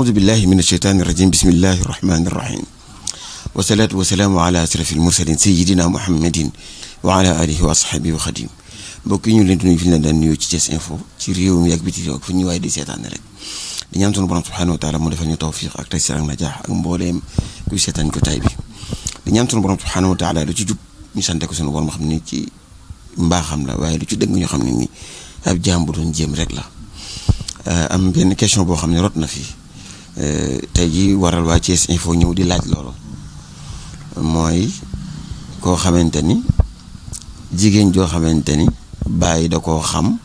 أعوذ بالله من الشيطان الرجيم بسم الله الرحمن الرحيم والصلاة والسلام على أشرف المرسلين سيدنا محمد وعلى آله وصحبه وخديم بوكي نيو لنتو نيو فيلنا نيو تي انفو تي ريو مي اك بيتي اك فني واي دي شيطان رك دي نيام سبحانه وتعالى مو توفيق أكثر تيسير اك نجاح اك مبولم كوي شيطان كو تاي بي دي نيام سونو بروم سبحانه وتعالى لو تي جوب مي سانتي كو سونو بور ما خامني تي مباخام أبجام واي جيم رك آه، ام بين كيسيون بو خامني فيه Euh, tey ji waral waa Thiès Info ñëw di laaj loolu mooy koo xamante ni jigéen joo xamante ni bàyyi da koo xam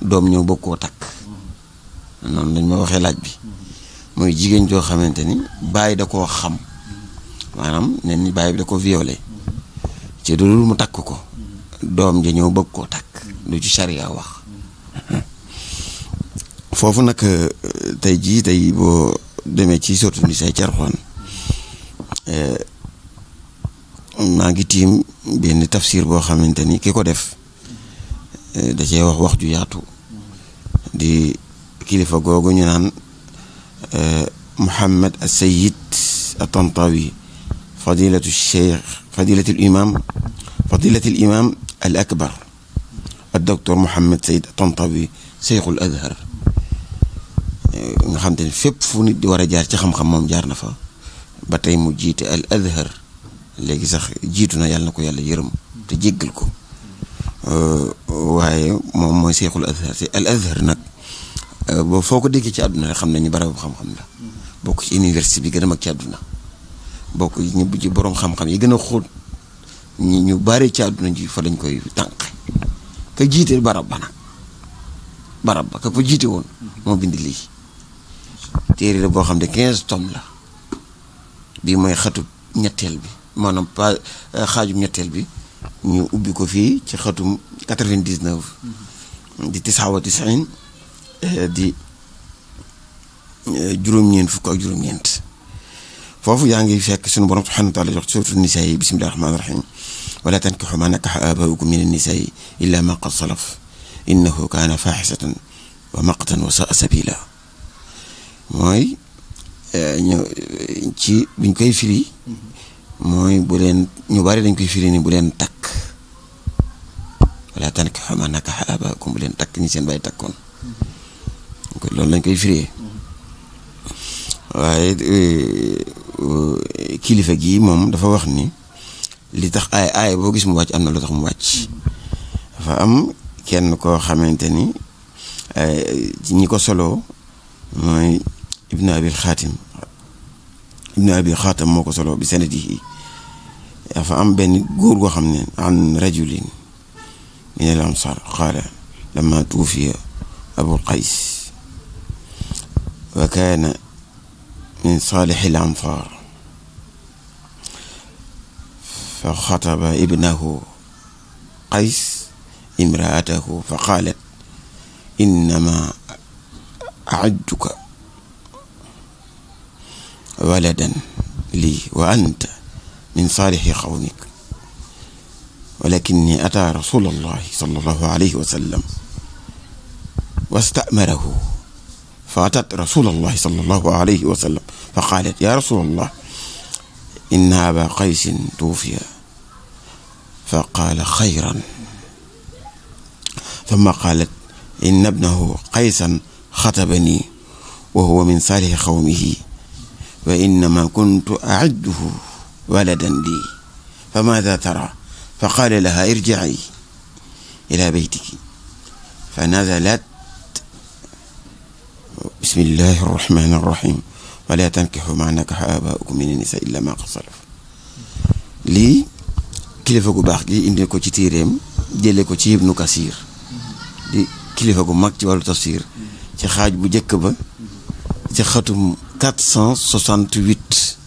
doom ñëw bëgg koo takk noonu dañ ma waxee laaj bi mooy jigéen joo xamante ni bàyyi da koo xam maanaam nenni ni bàyyi bi da ko violé ci dul mu takk ko doom ja ñëw bëgg koo takk lu ci charia wax fofu nak tay ji tay bo demé ci sortu ni say euh ma ngi tim ben tafsir bo xamanteni kiko def da ci wax wax ju yaatu di kilifa gogo ñu naan Muhammad Assayid Atantawi fadilatu cheikh fadilatu imam fadilatu imam al akbar الدكتور محمد سيد الطنطاوي شيخ الأزهر nga xam te ne fépp fu nit di war a jaar ci xam-xam moom jaar na fa ba tey mu jiite al azhar léegi sax jiitu na yàlla na ko yàlla yërëm te jéggal ko euh, waaye moom mooy seexul azhar te al azhar nag euh, boo foo ko déggee ci àdduna rek xam nañu barabu xam-xam la bokk ci université bi gën a mag ci àdduna bokk ñu ci boroom xam-xam yi gën a xóot ñi ñu bari ci àdduna ji fa lañ koy tànq ka jiite barab ba nag barab ka ko jiite woon moo bindi lii téere la boo xam ne quinze tomes la bii mooy xatu ñetteel bi maanaam pa xaajum ñetteel bi ñu ubbi ko fii ci xatum quatre-vingt-dix-neuf di tisaawa tisiin di juróom-ñeent fukk ak juróom-ñeent foofu yaa ngi fekk sunu borom subhanahu wa taala jox suratu nisaa yi bismillahi rahmaani rahim wala tankixu maa nakaxa aabaaukum min annisaai illa ma qad salaf innahu kaana faaxisatan wa maqtan wa saa sabila mooy eh, ñu ci buñ koy firi mooy bu leen ñu bari dañ koy firi ni bu leen takk wala tan ki xama nakaxa abaakum bu leen takk ñi seen bàyyi takkoon loolu lañ koy firee waaye eh, kilifa gi moom dafa wax ni li tax aay aay boo gis mu wàcc am na lu tax mu wàcc dafa am kenn koo xamante ni eh, ñi ko solo mooy ابن ابي الخاتم ابن ابي خاتم موكو سولو بسنده فا ام بن غور عن رجل من الانصار قال لما توفي ابو القيس وكان من صالح الانصار فخطب ابنه قيس امراته فقالت انما اعدك ولدا لي وأنت من صالح قومك ولكني أتى رسول الله صلى الله عليه وسلم واستأمره فأتت رسول الله صلى الله عليه وسلم فقالت يا رسول الله إن أبا قيس توفي فقال خيرا ثم قالت إن ابنه قيسا خطبني وهو من صالح قومه وإنما كنت أعده ولدا لي فماذا ترى فقال لها ارجعي إلى بيتك فنزلت بسم الله الرحمن الرحيم ولا تنكح ما نكح آباؤكم من النساء إلا ما قصر لي كلفة باخ لي إن كو تيريم ديلي كو تي ابن كثير لي كلفة ماك تي والو تفسير تي خاج بو جيك با تي خاتم 468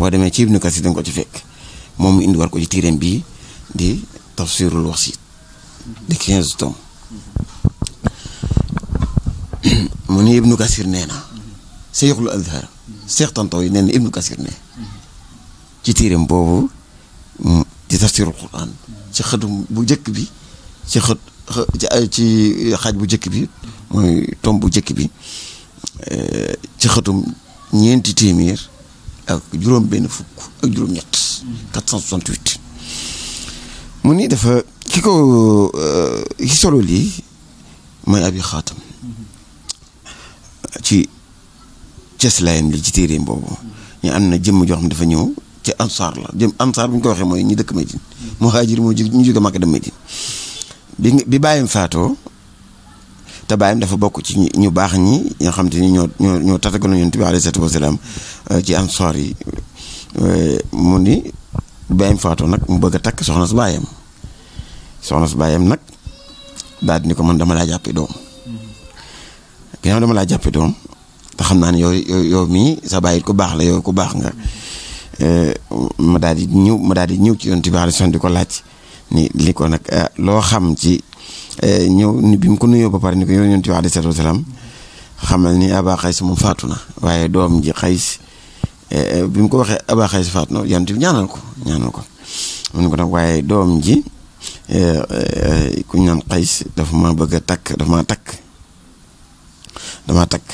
boo demee ci Ibnu Kasir dañ ko ci fekk moom indi war ko ci tiiram bii di tafsirul wasit di 15 tomes mu ni Ibnu Kasir nee na Seyxul Azhar Seex Tantawi nee na Ibnu Kasir ne ci tiiram boobu di tafsirul Quran ci xëtum bu njëkk bi ci ci xaaj bu njëkk bi mooy tom bu njëkk bi ci xëtum ñeenti téeméer ak juróom benn fukk ak juróom ñett mu ni dafa ki ko euh, ki solo lii mooy abi xaatam ci ceslaayam li ci téeréem boobu ñu am na jëm joo xam dafa ñëw ci ansaar la jëm ansaar bu ñu ko waxee mooy ñi dëkk Medine muhaajir moo ñu jóge Makka dem Medine bi bi bàyyim faatoo te baayam dafa bokk ci ñu baax ñi ñoo xam te ni ñoo ñoo ñoo tatagoon yonent bi alayhi salaatu wasalaam euh, ci ansoor yi euh, mu ni baayam faatoo nag mu bëgg a takk soxna su baayam soxna su baayam nag daal ni ko man dama laa jàppe doom ginnaaw dama laa jàppe xam naa ne yow yow mii sa baay ku baax la yow ku baax nga euh, ma daal di ñëw ma daal di ñëw ci yoon bi alayhi salaam di ko laaj ni li ko nag loo xam ci Eh, ñëw bi mu ko nuyoo ba pare ni ko yow yonent bi alayhi salaatu wasalaam xamal ni Abaa Xays moom faatu na waaye doom ji Xays eh, eh, bi mu ko waxee Abaa Xays faatu na yonent bi ñaanal ko ñaanal ko mun ko nag waaye doom ji ku naan Xays dafa ma bëgg a takk dafa maa takk damaa takk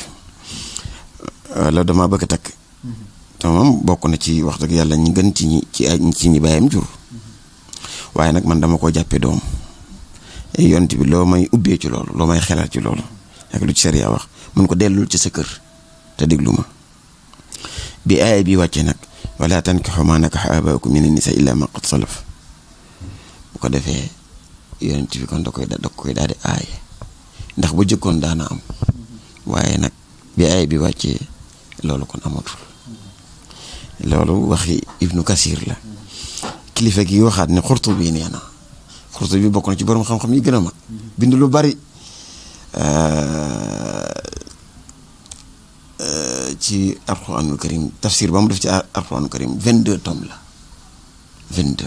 wala damaa bëgg a takk mm-hmm. te moom bokk na ci wax dëgg yàlla ñu gën ci ñi ci ñi bàyyam jur mm-hmm. waaye nag man dama koo jàppee doom yont bi loo may ubbee ci loolu loo may xelal ci loolu ak lu ci sariya wax mun ko dellul ci sa kër te déglu ma bi aaya bi wàccee nag wala tankihu maa nakaxa abaakum mina nisa illa ma qad salaf bu ko defee yonent bi kon da koy da koy daal di aaye ndax bu jëkkoon daana am waaye nag bi aaya bi wàccee loolu kon amatul loolu waxi ibnu kasir la kilifa gi waxaat ne xurtu bi nee na Xurtubi bi bokk na ci borom xam-xam yi gën a bind lu bari euh, ci alxuraanul karim tafsir ba mu def ci alxuraanul karim 22 tomes la 22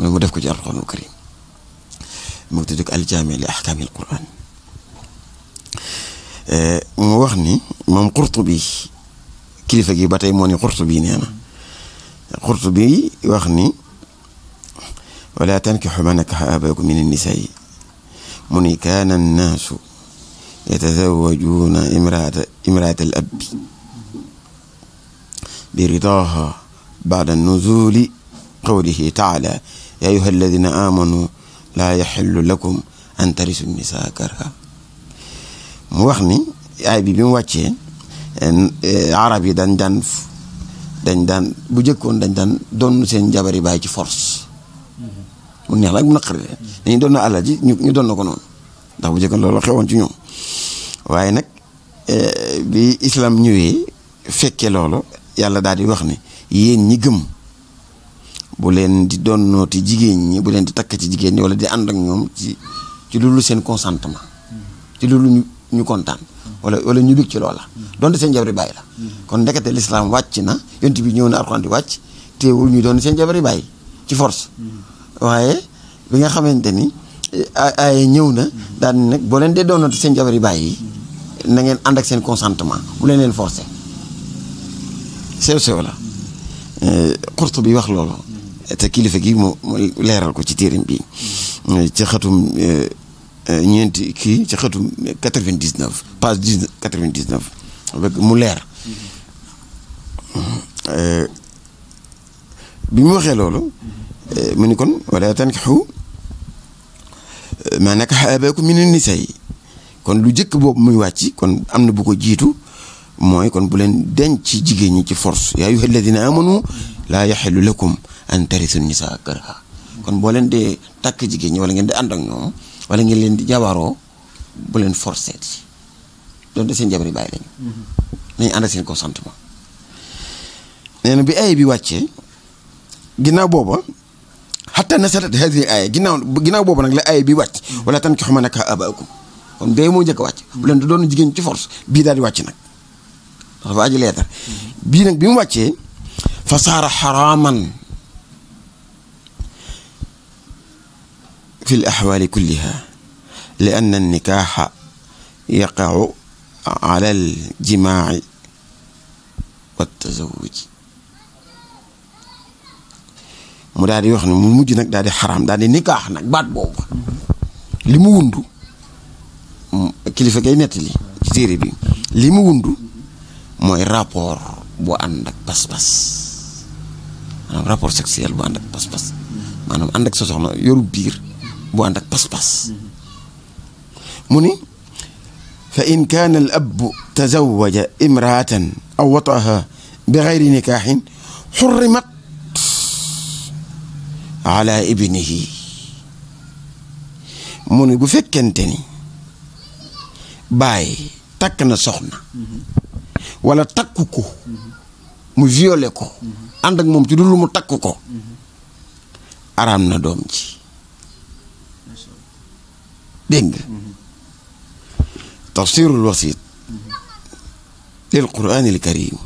waaw mu def ko ci alxuraanul karim mu ngi euh, mu wax ni moom Xurtubi kilifa gi ba tey moo ni Xurtubi nee na Xurtubi wax ni. ولا تنكحوا ما نكح آباؤكم من النساء من كان الناس يتزوجون امرأة, امرأة الأب برضاها بعد النزول قوله تعالى يا أيها الذين آمنوا لا يحل لكم أن ترثوا النساء كرها موخني أي ni ay عربي bi دان دان دان yi dañ دان dañ daan bu jëkkoon dañ mu neex la ak mu doon na àll ji ñu ñu doon na ko noonu ndax bu njëkkoon loolu xewoon ci ñoom waaye nag eh, bi islam ñëwee fekke loolu yàlla daal di wax ne yéen ñi gëm bu leen di doon nooti jigéen ñi bu leen di takk ci jigéen ñi wala di ànd ak ñoom ci ci loolu seen consentement ci loolu ñu ñu kontaan. wala wala ñu bég ci loola. donte seen jabari bàyyi la. kon ndekete lislaam wàcc na yonent bi ñëw na alxuraan di wàcc teewul ñu doon seen jabari bàyyi ci force. waaye bi nga xamante ni ay ñëw na daan di nag boo leen dee doonati seen jabar yi bàyyi yi na ngeen ànd ak seen consentement bu leen leen forcé sew sew la xurtu eh, bi wax loolu te kilifa gi mu leeral ko ci téeram bi ci xatum eh, eh, ñeenti kii ci xatum 99 page 99 mu leer bi mu waxee loolu mu ni kon wala tankixu maa nakaxa ne mina nisaa kon lu jëkk boobu muy wàcc kon am na bu ko jiitu mooy kon bu leen denc ci jigéen ñi ci force yaa ayyuha alladina amanu laa yaxillu lakum an tarisu nisaa karha kon boo leen dee takk jigéen ñi wala ngeen di ànd ak ñoom wala ngeen leen di jabaroo bu leen forcé ci doonte seen jabar yi bàyyi lañu mm-hmm. nañu ànd ak seen consentement nee bi ay bi wàccee ginnaaw booba حتى نزلت هذه الآية جناو جناو بابا نقول آية بيوات ولا تنكحوا ما نكح أباؤكم هم دايمو جاك وات ولا ندون جين تفرس بيدار واتنا رواج ليادر بين بين واتين فصار حراما في الأحوال كلها لأن النكاح يقع على الجماع والتزوج mu daal di wax ne mu mujj nag daal di xaraam daal di nikaax nag baat boobu li mu wundu kilifa kay nettali ci téere bi li mu wundu mooy rapport bu ànd ak pas-pas maanaam rapport sexuel bu ànd ak pas-pas maanaam ànd ak sa soxna yoru biir bu ànd ak pas-pas mu ni fa in kaana al abbu tazawaja imraatan aw wataha bi gayri nikaaxin xurrimat ala ibnihi mu ne bu fekkente ni baay takk na soxna wala takku ko mu violé ko ànd ak moom ci dul mu takk ko araam na doom ji dégg nga tafsirul wasit lil quraanil karim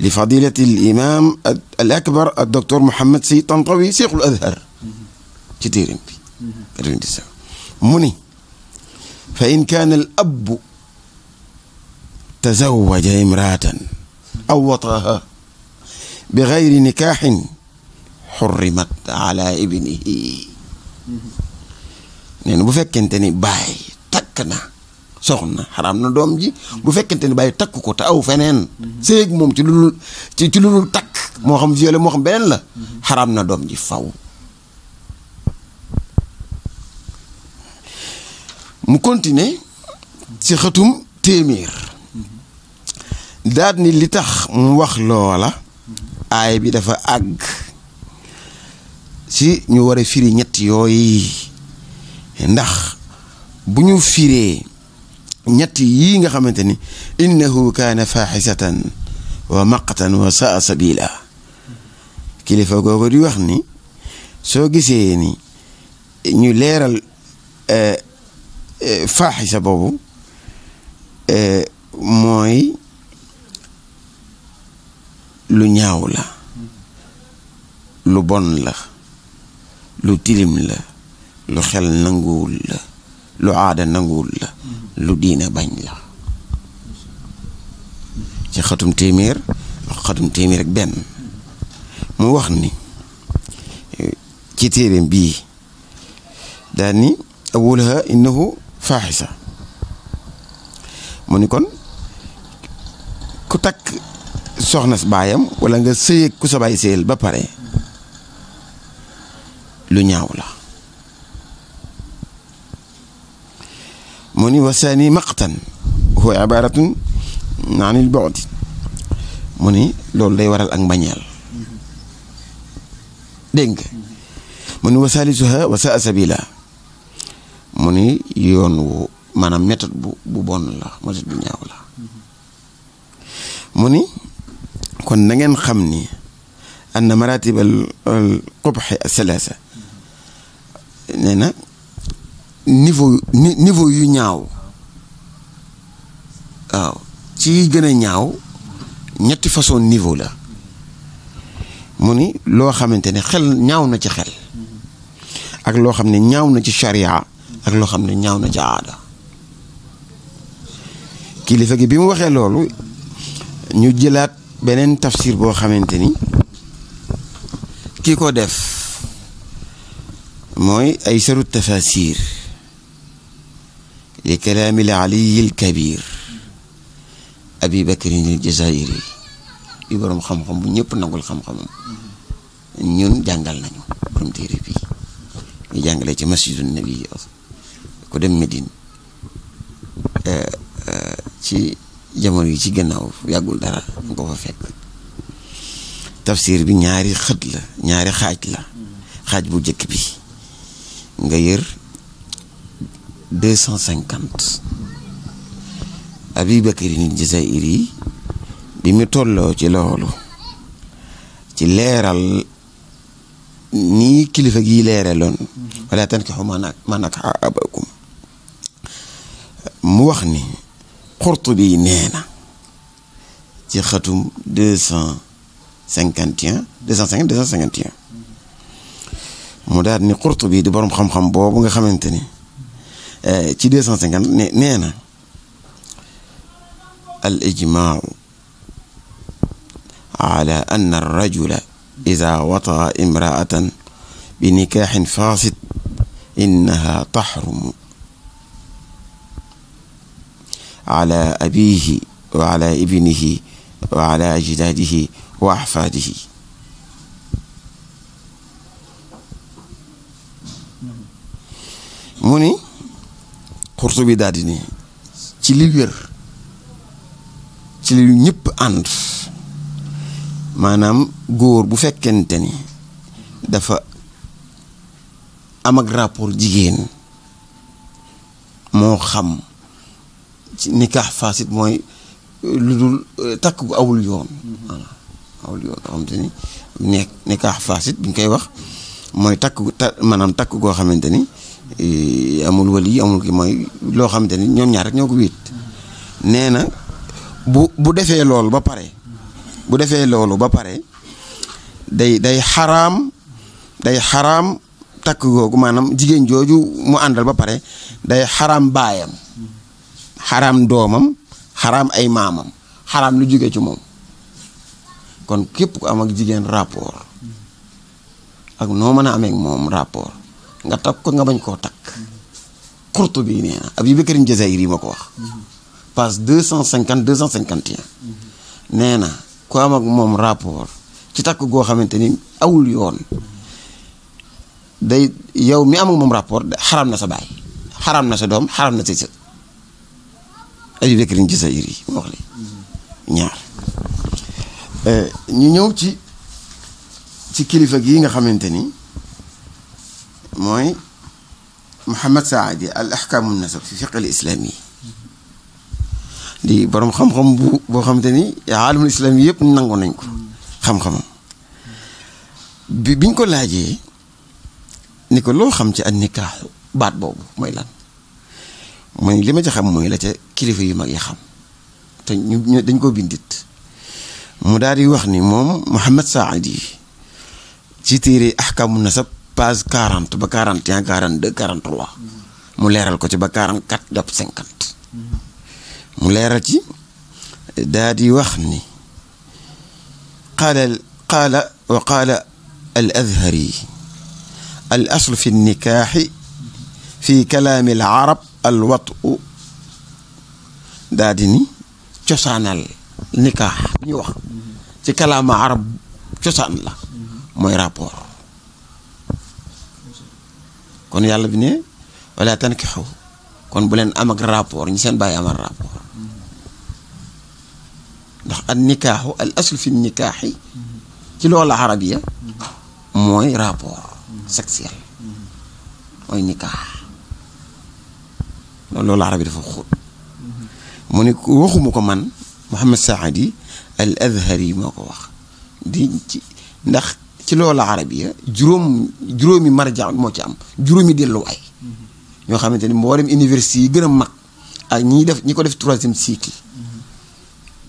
لفضيلة الإمام الأكبر الدكتور محمد سي طنطاوي شيخ الأزهر كتير مني فإن كان الأب تزوج امرأة أو وطاها بغير نكاح حرمت على ابنه لأنه يعني بفكر تاني يعني باي تكنا soxna xaraam na doom ji bu fekkente ni bàyyi takk ko te aw feneen séeg moom ci lu ci ci lu takk moo xam violé moo xam la xaraam na doom ji faw mu continuer ci xëtum téeméer daal ni li tax mu wax loola aay bi dafa àgg ci ñu war a firi ñett yooyu ndax bu ñu firee ñetti yii nga xamante ni innahu kaana faaxisatan wa maqatan wa saa sabila kilifa googu di wax ni soo gisee ni ñu leeral eh, eh, faaxisa boobu eh, mooy lu ñaaw la lu bon la lu tilim la lu xel nanguwul la lu aada nanguwul la lu diine bañ la ci xatum téeméer xatum téeméer ak benn mu wax ni ci téeréem bii daal ni awulaha innahu faaxisa mu ni kon ku takk soxna baayam wala nga sëyeeg ku sa baay ba pare lu ñaaw la مني وثاني مقتا هو عبارة عن البعد مني لول لي ورال أنك بنيال دينك مني وثالثها وساء سبيلا مني يونو مانا ميتت بو بون مجد بنياو لا مني كون نغن خمني ان مراتب القبح الثلاثه نينا niveau niveau yu ñaaw waaw ci gën a ñaaw ñetti façon niveau la mu ni loo xamante ne xel ñaaw na ci xel ak loo xam ne ñaaw na ci charia ak loo xam ne ñaaw na ci aada kilifa gi bi mu waxee loolu ñu jëlaat beneen tafsir boo xamante ni kii ko def mooy ay sarut tafasir لكلام العلي الكبير أبي بكر الجزائري bi borom xam-xam bu ñëpp nangul xam-xamam ñun jàngal nañu borom téere bi ñu jàngale ci masjidun nabi ku dem Medine ci jamono yi ci gannaaw yàggul dara nga ko fa fekk tafsir bi ñaari xët la ñaari xaaj la xaaj bu jëkk bi nga yër deux cent cinquante Abibakrin Jazairi bi mu tolloo ci loolu ci leeral nii kilifa gi leeraloon wala tankihu maa nankaha abaakum mu wax ni Qurtubi nee na ci xatum deux cent cinquante et un deux cent cinquante deux cent cinquante et un mu daal ni Qurtubi di boroom xam-xam boobu nga xamante ni ci 250 ne nee na al ijmaacu ala anna arrajula ida wataa imraatan binikaaxin faasid innaha taxrumu ala abiihi wa ala ibnihi wa ala ajdaadihi wa axfaadihi mu ni pour bi daal di nii ci li wér ci li ñëpp ànd maanaam góor bu fekkente ni dafa am ak rapport jigéen moo xam ci nikaax fasit mooy lu dul euh, takk gu awul yoon voilà awul yoon loo xamante nekk nikaax fasit bi ñu koy wax mooy takk ta maanaam takk goo xamante ni Eh, amul wali amul ki mooy loo xamante ni ñoom ñaar rek ñoo ko wéet nee na bu bu defee loolu ba pare bu defee loolu ba pare day day xaraam day xaraam takk googu maanaam jigéen jooju mu àndal ba pare day xaraam baayam xaraam doomam xaraam ay maamam xaraam lu jóge ci moom kon képp ku am ak jigéen rapport ak noo mën a amee ak moom rapport nga takk ko nga bañ koo takk Qurtubi nee na Abu Bakr Jazairi ma ko wax page deux cent cinquante deux cent cinquante et un nee na ku am moom rapport ci takk goo xamante ni awul yoon day yow mi am moom rapport xaram na sa baay xaram na sa doom xaram na sa sët Abu Bakr Jazairi ma wax li ñaar euh, ñu ñëw ci ci kilifa gii nga xamante ni mooy Mouhamed Saadi al ahkaamu nasab fi fiq al islaami di borom xam-xam bu boo xamante ni yëpp nangu nañ ko xam-xamam bi biñ ko laajee ni ko loo xam ci an nikaaxu boobu mooy lan mooy li la ca kilifa yu mag yi xam te bindit mu daal wax ni moom Mouhamed Saadi ci téere ahkaamu nasab page quarante ba quarante et un quarante deux quarante trois mu leeral ko ci ba quarante quatre jàpp cinquante mu leeral ci daa di wax ni qaala qaala wa qaala al azhari al aslu fi nikaaxi fi kalaami al arab al watu daa di ni cosaanal nikaax bi ñu wax ci kalaama arab cosaan la mooy rapport kon yàlla bi ne wala tankixu kon bu leen am ak rapport ñu seen bàyyi amal rapport ndax al nikaaxu al aslu fi nikaaxi ci loolu arabiya mooy rapport sexuel mooy nikaax loolu arabi dafa xóot mu ne waxuma ko man Mouhamed Saadi al Azhari moo ko wax di ci ndax ci loolu arabiya juróom juróomi marja moo ci am juróomi delluwaay ñoo xamante ni mboolem université yi gën a mag ak ñi def ñi ko def troisième cycle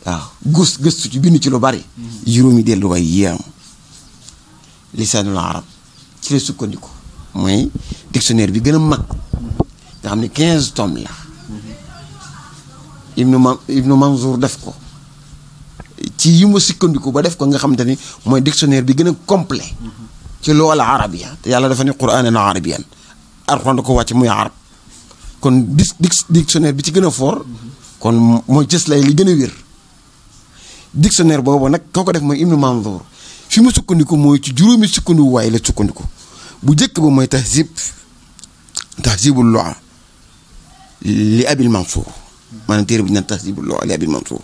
waaw gës gëstu ci bind ci lu bari. juróomi delluwaay yi am lisaanul arab ci la sukkandiku mooy dictionnaire bi gën a mag nga xam ne quinze tomes la ibnu ma ibnu def ko ci yi ma sukkandiku ba def ko nga xamante ni mooy dictionnaire bi gën a complet ci loola arabia te yàlla dafa ne quraanan arabiyan alxuraan da ko wàcc muy arab kon di dictionnaire bi ci gën a fort kon mooy cëslaay li gën a wér dictionnaire boobu nag koo def mooy Ibnu Mandour fi mu sukkandiku mooy ci juróomi sukkandiku waaye la sukkandiku bu njëkk ba mooy tahzib tahzibul lua li abil mansour maanaam téere bi ñu naan tahzibul lua li abil mansour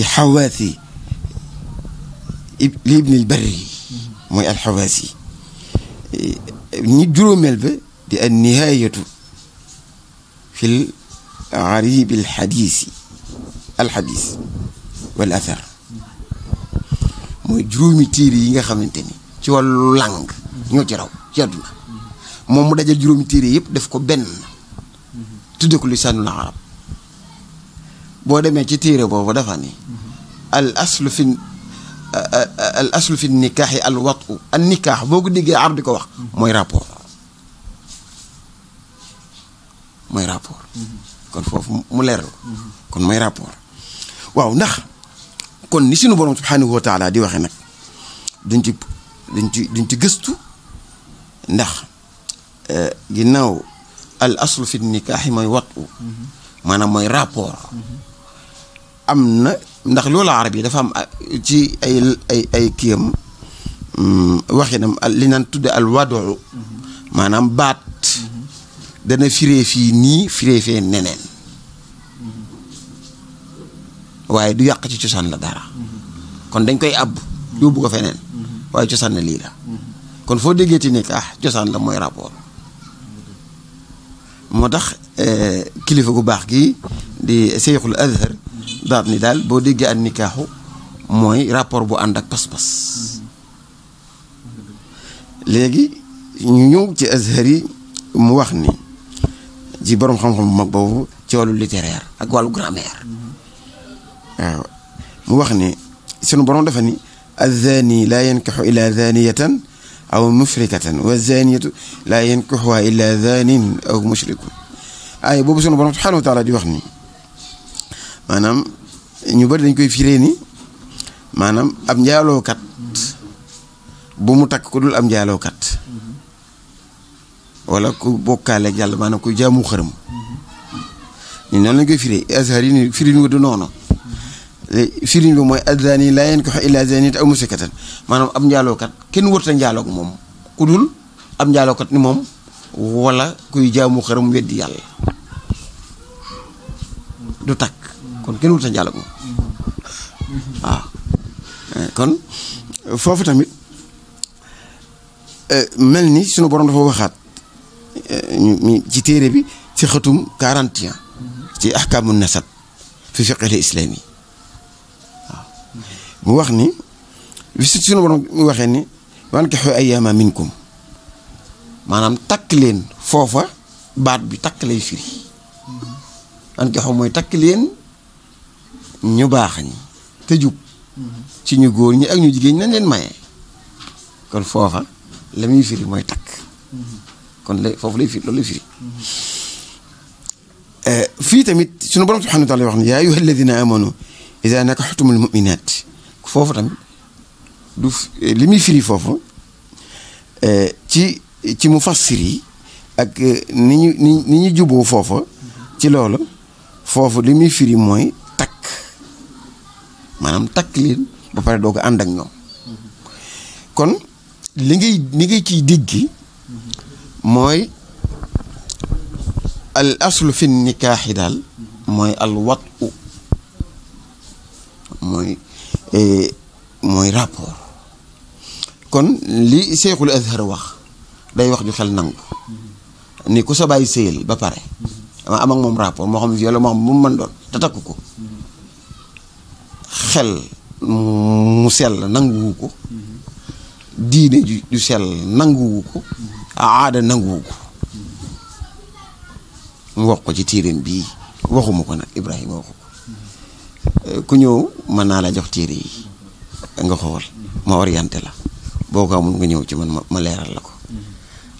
الحواسي لابن البري موي الحواسي نجرو ملب النهاية في العريب الحديث الحديث والأثر موي جرومي تيري ييغا خامتيني تي والو لانغ نيو تي راو تي ادنا موم مو داجال كو بن تودو كو لسان العرب boo demee ci téere boobu dafa ni al aslu fi al aslu fi nikaax yi al watu al nikaax boo ko déggee arab di ko wax mooy rapport mooy rapport kon foofu mu leer la kon mooy rapport waaw ndax kon ni suñu borom subhanahu wa taala di waxee nag duñ ci duñ ci duñ ci gëstu ndax ginnaaw al aslu fi nikaaxi mooy watu maanaam mooy rapport am na ndax loolu arab yi dafa am ci ay ay ay kiyam waxinam li naan tudde al wadoo maanaam baat dana firee fii nii firee fee neneen waaye du yàq ci cosaan la dara kon dañ koy àbb yóbbu ko feneen waaye cosaan la lii la kon foo déggeeti nekk ah cosaan la mooy rapport moo tax kilifa gu baax gi di seyxul azhar daal ni daal boo déggee ak nikaaxu mooy rapport bu ànd ak pas-pas léegi ñu ñëw ci azhar yi mu wax ni ci borom xam-xam bu mag boobu ci wàllu littéraire ak wàllu grammaire waaw mu wax ni sunu borom dafa ni azzaani laa yankaxu illa zaaniyatan aw mushrikatan wa zaaniyatu laa yankaxuha illa zaanin aw mushrikun aaya boobu sunu borom subhanahu wa taala di wax ni maanaam ñu bari dañ koy firee ni maanaam ab njaalookat bu mu takk ku dul am njaalookat wala ku bokkaale jàll yàlla maanaam ku jaamu xërëm ñu noonu lañ koy firee azhar yi ni firin wa du noonu firin bi mooy azani laa yankihu illaa zaaniyatan aw mushrikatan maanaam ab njaalookat kenn wërta njaaloog moom ku dul ab njaalookat ni moom walla kuy jaamu xërëm weddi yàlla du takk kon kenn wut sa jàll ko eh, kon foofu tamit eh, mel ni sunu borom dafa waxaat eh, ci téere bi ci xëtum 41 ci ahkaamu nasab fi fiqil islaam yi mu wax ni bi borom mu waxee ni wankixu ayyaama minkum maanaam takk leen foofa baat bi takk lay firi wankixu mooy takk leen ñu baax ñi te jub ci ñu góor ñi ak ñu jigéen ñi nañ leen maye kon foofa la muy firi mooy takk kon la foofu lay firi loolu eh, fii tamit sunu borom subhanahu wa ne yaa ayyuha alladina amanu ida nakaxtum almuminat foofu tamit du eh, li muy firi foofu eh, ci ci mu fassir yi ak ni ñu ni foofa ci loolu foofu li muy firi mooy maanaam takk leen ba pare doo ko ànd ak ñoom kon li ngay li ngay ciy diggi mooy al aslu fi nikaaxi daal mooy al wat mooy e, mooy rapport kon li Seexul Azhar wax day wax ju xel nangu ni ku sa bàyyi sëyal ba pare ama am moom rapport moo xam viol moo xam bu mu mën doon te takk ko xel mu sel nanguwu diine ju sell nanguwu ko aada nanguwu mu wax ko ci tirim bi waxuma ko nag ibrahima waxu ko ku ñew man na la jox téere yi nga xol ma orienté la boo amul nga ñew ci man ma leral la ko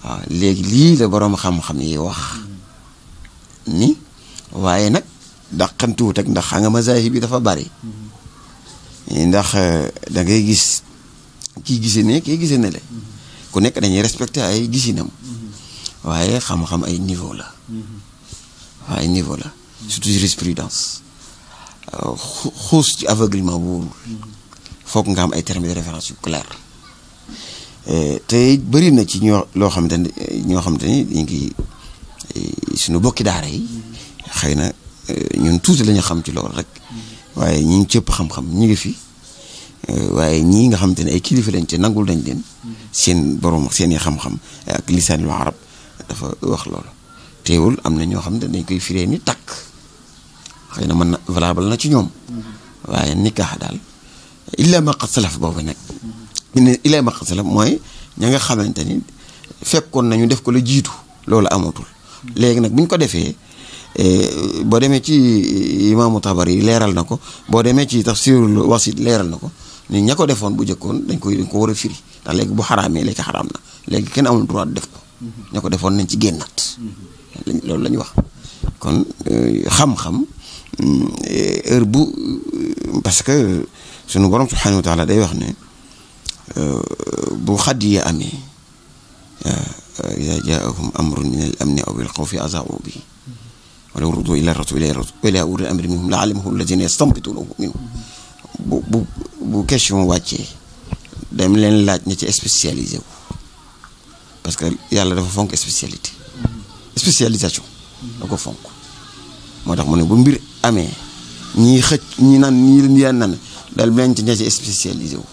waaw léegi la borom xam-xam yi wax ni waye nak daqantuwut ak ndax nga mazahibi dafa bari ndax euh, da ngay gis kii gisee ne kii gisee ne le mm-hmm. ku nekk dañuy respecté ay gisinam mm-hmm. waaye xam-xam ay niveau la waaye mm-hmm. niveau la surtout jurisprudence xuus ci aveuglement bu wóorul foog nga am ay termes référence yu clair euh, te bëri na ci ñoo loo xamante ni ñoo xamante ni ñu ngi suñu bokki daara yi xëy na euh, ñun tuuti lañu xam ci loolu rek waaye ñi ngi cëpp xam-xam ñi ngi fi euh, waaye ñii nga xamante ne ay kilifa lañ ci nangul dañ leen seen borom seen i xam-xam ak lisaanul arab dafa wax loolu teewul am na ñoo xam ne dañ koy firee ni takk xëy na mën na valable na ci ñoom waaye nikaax daal illa ma qad salaf boobu nag ne illa ma qad salaf mooy ña nga xamante ni fekkoon nañu def ko la jiitu loolu amatul léegi nag buñ ko defee Eh, boo demee ci eh, imaamu Tabari leeral na ko boo demee ci tafsirul wasit leeral na ko ni ña ko defoon bu njëkkoon dañ koy dañ ko war a firi ndax léegi bu xaraamee léegi xaram na léegi kenn amul droit def ko mhm. ña ko defoon nañ ci génnaat mhm. loolu la wax kon eh, xam-xam heure bu parce que sunu borom subhanahu wa day wax ne bu xaddiya amee ida jaahum amrun min al amni aw il xawfi azaau bi walaw rudduu ilaa rasuuli wa ilaa ulil amri minhum la'alimahu allaziina yastanbituunahu minhum bu bu bu question wàcce dem leen laaj ña ci spécialisé wu parce que yàlla dafa fonk spécialité spécialisation da ko fonk moo tax mu ne bu mbir amee ñii xëcc ñi naan ñii leen nan dal leen ci ña ci spécialisé wu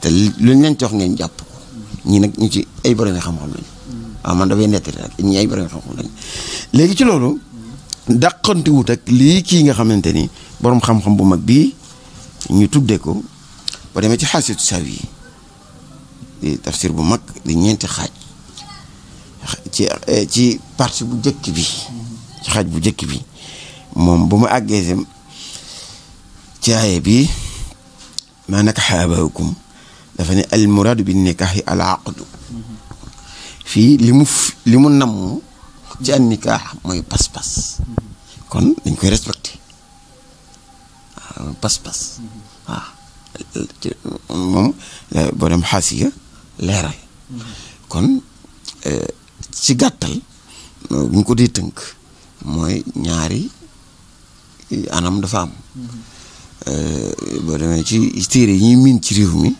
te luñ leen ci wax ngeen jàpp ñii nag ñu ci ay borom xam-xam lañu waaw ah, man dafay nettali rek ñi ay borom xam léegi ci loolu dàqante wut ak lii kii nga xamante ni boroom xam-xam bu mag bii ñu tuddee ko ba demee ci xaasitu saw yi di tafsir bu mag di ñeenti xaaj ci ci bu njëkk bi ci xaaj bu jëkk bi moom bu ma àggee ci aaye bi maa nakaxa abaakum dafa ne al muraadu bi nikaaxi al fii limu mu li mu namm ci an nikaax mooy pas-pas kon dañ koy respecté waaw pas-pas waaw moom eh, boo dem xaasiya leeral kon si eh, gàttal bu ñu ko dee tënk mooy ñaari anam dafa am eh, boo demee ci téere yi ñuy miin ci réew mi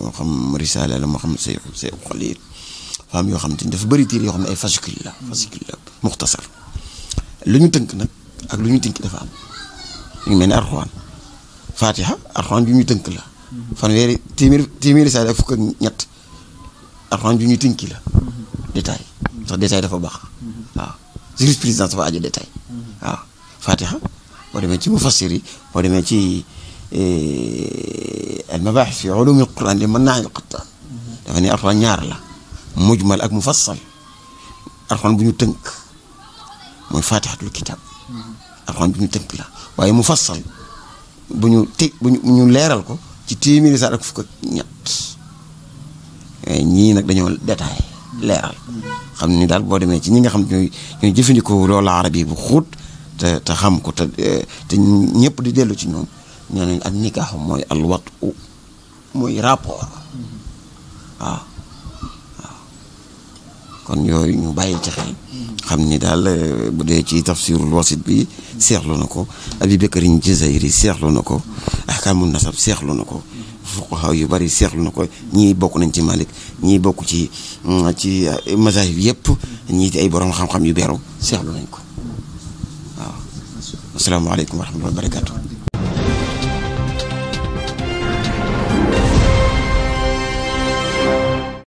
moo xam risaale la moo xam say say xol yi فهم يو خمتين دف بري تيري يخم اي فاشكل لا فاشكل لا مختصر لنو تنك نك اك لنو تنك دفع يمين ارخوان فاتحة ارخوان بيمي تنك لا فان ويري تيمير تيمير سايدة فوق نيت ارخوان بيمي تنك لا ديتاي سو ديتاي دفع بخ زيريس بريزنس فا اجي ديتاي فاتحة ودمي تي مفسيري ودمي تي المباحث في علوم القرآن لمن نعي القرآن يعني أرخوان نيار لا mujmal ak mufassal alxuraan bu ñu tënk mooy faatixatul kitaab alxuraan bu ñu tënk la waaye mufassal bu ñu te bu ñu leeral ko ci téeméeri saar ak fukk ak ñett eh, ñii nag dañoo détaillé leeral xam ni daal boo demee ci ñi nga xam ñooy ñooy jëfandikoo loolu arab yi bu xóot te xam ko te eh, te ñëpp di dellu ci ñoom ñoo nañ ak nikaax mooy alwat u mooy rapport mm-hmm. kon yooyu ñu bàyyi ci xel xam ni daal euh, bu dee ci tafsirul wasit bi seexlu na ko abi bakarin jazayri seexlu na ko ahkaamun nasab seexloo na ko fuqaha yu bari seexlu na ko ñii bokk nañ ci malik ñii bokk ci mm, ci euh, mazahib yëpp ñii ci ay borom xam-xam yu beeru seexlu nañ ko waaw asalaamaaleykum wa rahmatulah